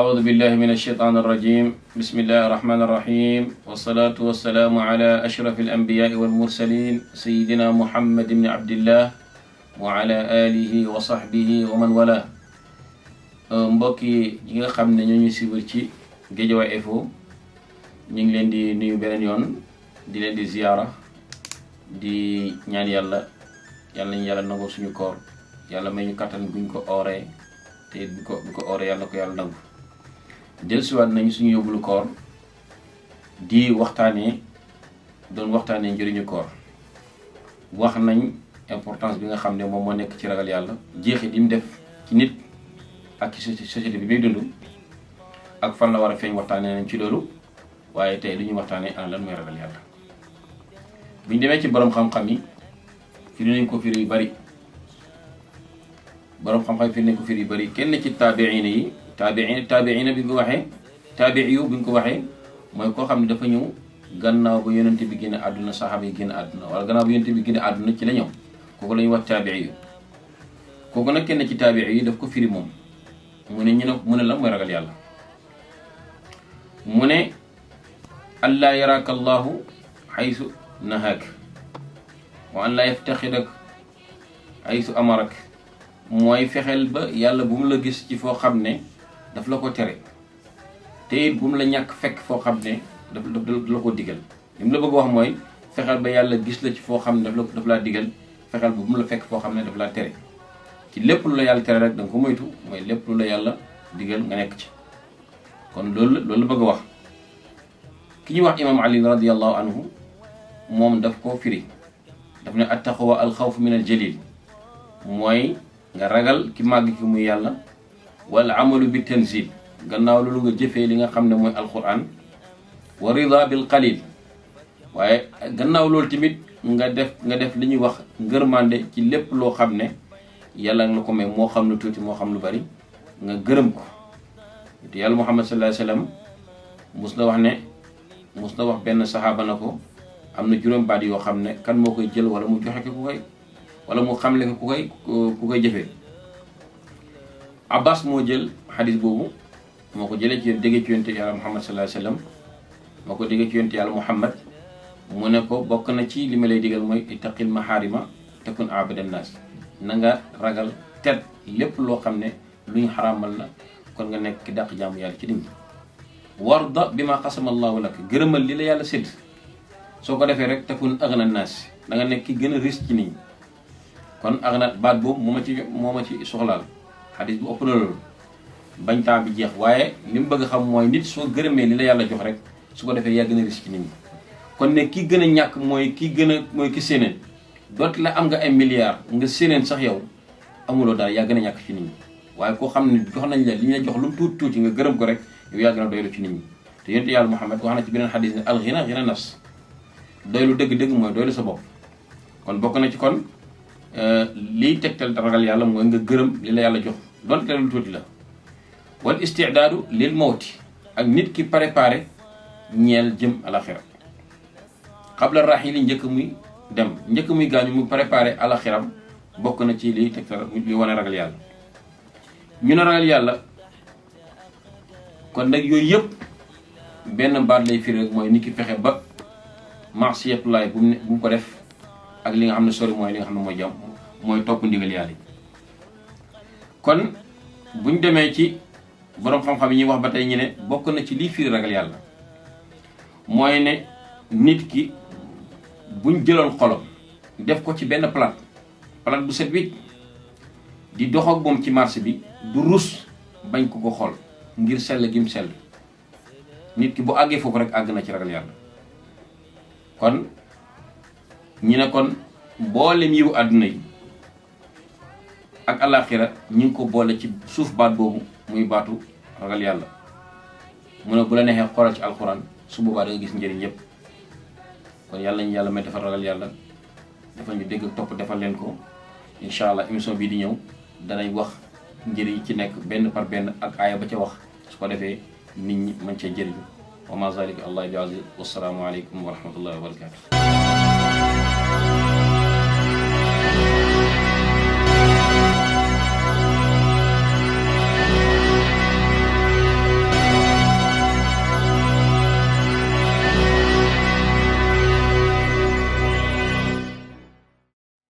أعوذ بالله من الشيطان الرجيم بسم الله الرحمن الرحيم والصلاة والسلام على أشرف الأنبياء والمرسلين سيدنا محمد بن عبد الله وعلى آله وصحبه ومن والاه أه، مبكي نيغا خامن نيو سيبرتي جيجوا إفو نيغ لين دي نيو بنن يون دي لين دي زياره دي نيان يالا يالا ني يالا نغو سونو كور يالا ماي ني كاتان بو نكو اوري تي بو كو اوري يالا كو يالا نغو dellusiwaat nañu suñu yóbbulu koor di waxtaanee doon waxtaanee njëriñu koor wax nañ importance bi nga xam ne moom moo nekk ci ragal yàlla jeex yi mu def ci nit ak ci société bi muy dund ak fan la war a feeñ waxtaanee nañ ci loolu waaye te lu ñuy waxtaanee an lan mooy ragal yàlla bu ñu demee ci boroom xam-xam yi firi ko firi yu bari borom xam-xam yi firi nañ ko firi yu bari kenn ci taabiin yi taabiin taabiina bi bu waxee taabii yu buñ ko waxee mooy koo xam ne dafa ñëw gannaaw ba yonente bi génn àdduna saxaaba yi génn àdduna wala gannaaw ba yonente bi ci la ñëw la ñuy wax taabii kooku nag kenn ci taabii daf ko firi moom mu ne ñu ne mu ne lan mooy ragal yàlla mu ne an laa amarak mooy fexeel ba yàlla bu mu la gis ci foo xam ne daf la ko tere te it bu mu la ñàkk fekk foo xam ne daf la ko diggal li mu la bëgg wax mooy fexel ba yàlla gis la ci foo xam ne daf la daf laa digal fexeel ba bu mu la fekk foo xam ne daf laa tere ci lépp lu la yàlla tere rek danga ko moytu mooy lépp lu la yàlla digal nga nekk ci kon loolu loolu la bëgg a wax ki ñuy wax imaam ali radiallahu anhu moom daf koo firi daf ne attaqwa alxawf min aljalil mooy nga ragal ki màgg ki muy yàlla wal amalu bi tanzil gannaaw loolu nga jëfee li nga xam ne mooy alquran wa rida bil qalil waaye gannaaw loolu tamit nga def nga def li ñuy wax ngërmande ci lépp loo xam ne yàlla nga ko may moo xam lu tuuti moo xam lu bari nga gërëm ko yàlla muhammad sallallahu alayhi wasallam na wax ne mus na wax benn saxaaba na ko am na juróom baat yoo xam ne kan moo koy jël wala mu joxe ko koy wala mu xam ko ku koy ku koy jëfe abbas moo jël xadis boobu moo ko jëlee ci déggee ci yonte yàlla muhammad salaa Alaihi Wasallam ko déggee ci muhammad mu ne ko bokk na ci lima ma lay digal maharima takun abada nas nanga ragal tet lépp loo xam ne lu la kon nga nekk ki dàq jaamu ci nit warda bima ma xasama allahu lak gërëmal li la rek takun agna nas da nga nekk ki gën ci kon agna baat boobu moo ci ci soxlaal xadis bi ëpp na loolu bañ temps bi jeex waaye li mu bëgg xam mooy nit soo gërëmee li la yàlla jox rek su ko defee yàgg gën a risque nit ñi kon ne ki gën a ñàkk mooy ki gën a mooy ki séeneen doot la am nga ay milliards nga séeneen sax yow amuloo dara yàgg na a ñàkk ci nit ñi waaye koo xam ne jox nañ la li ñu la jox lu mu tuuti tuuti nga gërëm ko rek yow yaa gën doylu ci nit ñi te yonent yàlla Muhammad wax na ci beneen xadis ne al ghina ghina nafs doylu dëgg-dëgg mooy doylu sa bopp kon bokk na ci kon euh, liy tegtal ragal yàlla mooy nga gërëm li yàlla jox donte lu tuuti la wal istidaadu lil mawti ak nit ki préparé ñeel jëm alaxira xabla raxili njëkk muy dem njëkk muy gaañu mu préparé alaxiram bokk na ci li tegtal li wane ragal yàlla ñu ne ragal yàlla kon nag yooyu yëpp benn baat lay firi mooy nit ki fexe ba marsiyatulaay bu mu ko def ak li nga xam ne sori mooy li nga xam ne mooy jàmm mooy topp ndigal yàlla kon buñ demee ci borom xam-xam yi wax ba tey ñu ne bokk na ci lii firi ragal yàlla ne nit ki buñ jëloon def ko ci benn plat plat bu set di dox ak moom ci marché bi du rus bañ ko ko ngir sell gim sell nit ki bu àggee foofu rek àgg na ci ragal kon ñi kon mboolem yi ak alaaxira ñi ko boole ci suuf baat boobu muy baatu ragal yàlla mu ne bu la neexee xoolal ci alxuraan su boobaa da gis njëriñ yépp kon yàlla ñu yàlla may defal ragal yàlla defal ñu dégg topp defal leen ko incha allah émission bii di ñëw danañ wax njëriñ ci nekk benn par benn ak aaya ba ca wax su ko defee nit ñi mën cee jëriñu wa ma zalika allah bi aziz wasalaamu aleykum wa rahmatullahi wa barakatu